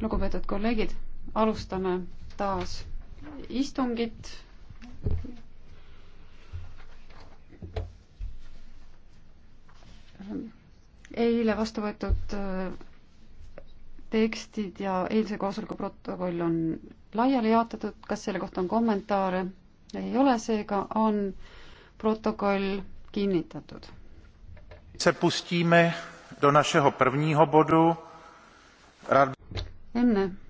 lugupeetud kolleegid, alustame taas istungit. eile vastu võetud äh, tekstid ja eilse koosoleku protokoll on laiali jaotatud, kas selle kohta on kommentaare? ei ole, seega on protokoll kinnitatud. see Pustimäe do našeho prvního bodu. Rád... Enne